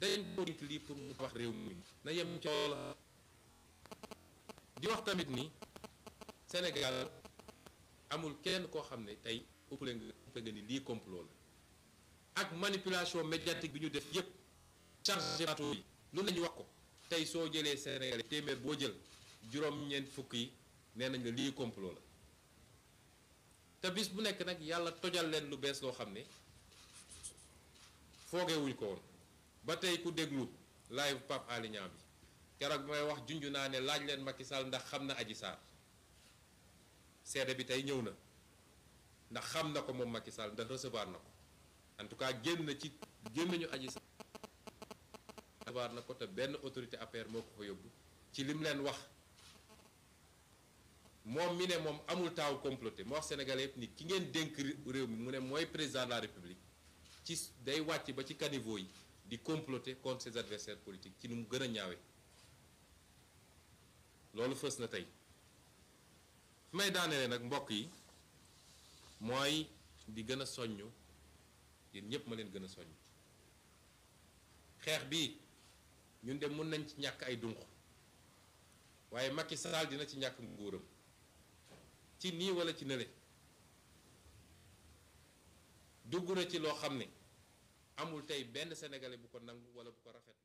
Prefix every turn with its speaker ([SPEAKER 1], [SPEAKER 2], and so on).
[SPEAKER 1] dañ ko lii pour mu wax réew mu mi na yem ca loola di wax tamit ni Sénégal amul kenn koo xam ne tey ëppale nga lii complot la ak manipulation médiatique bi ñu def yépp chargé bateau yi lu nañu wax ko tey soo jëlee Sénégal téeméer boo jël juróom-ñeent fukk yi nee nañ la lii complot la te bis bu nekk nag yàlla tojal leen lu bees loo xam ne foogewuñ ko woon ba tey ku déglu live Pape Alé bi keroog bi may wax junju naa ne laaj leen makki Sall ndax xam na aji Sarr seede bi tey ñëw na ndax xam na ko moom Macky Sall ndax recevoir na ko en tout cas génn na ci génn ñu Adji Sarr recevoir na ko te benn autorité APR moo ko fa yóbbu ci lim leen wax moom mi ne moom amul taaw comploté moo wax sénégalais yëpp ni ki ngeen dénk réew mi mu ne mooy président de la république ci day wàcc ba ci caniveau yi di comploter contre ses adversaires politiques ci nu mu gën a ñaawe loolu fës na tey fi may daanelee nag mbokk yi mooy di gën a soññ yéen ñëpp ma leen gën a soññ xeex bi ñun dem mun nañ ci ñàkk ay dunq waaye Macky Sall dina ci ñàkk nguuram ci nii wala ci nële dugg na ci loo xam ne amul tey benn sénégalais bu ko nangu wala bu ko rafet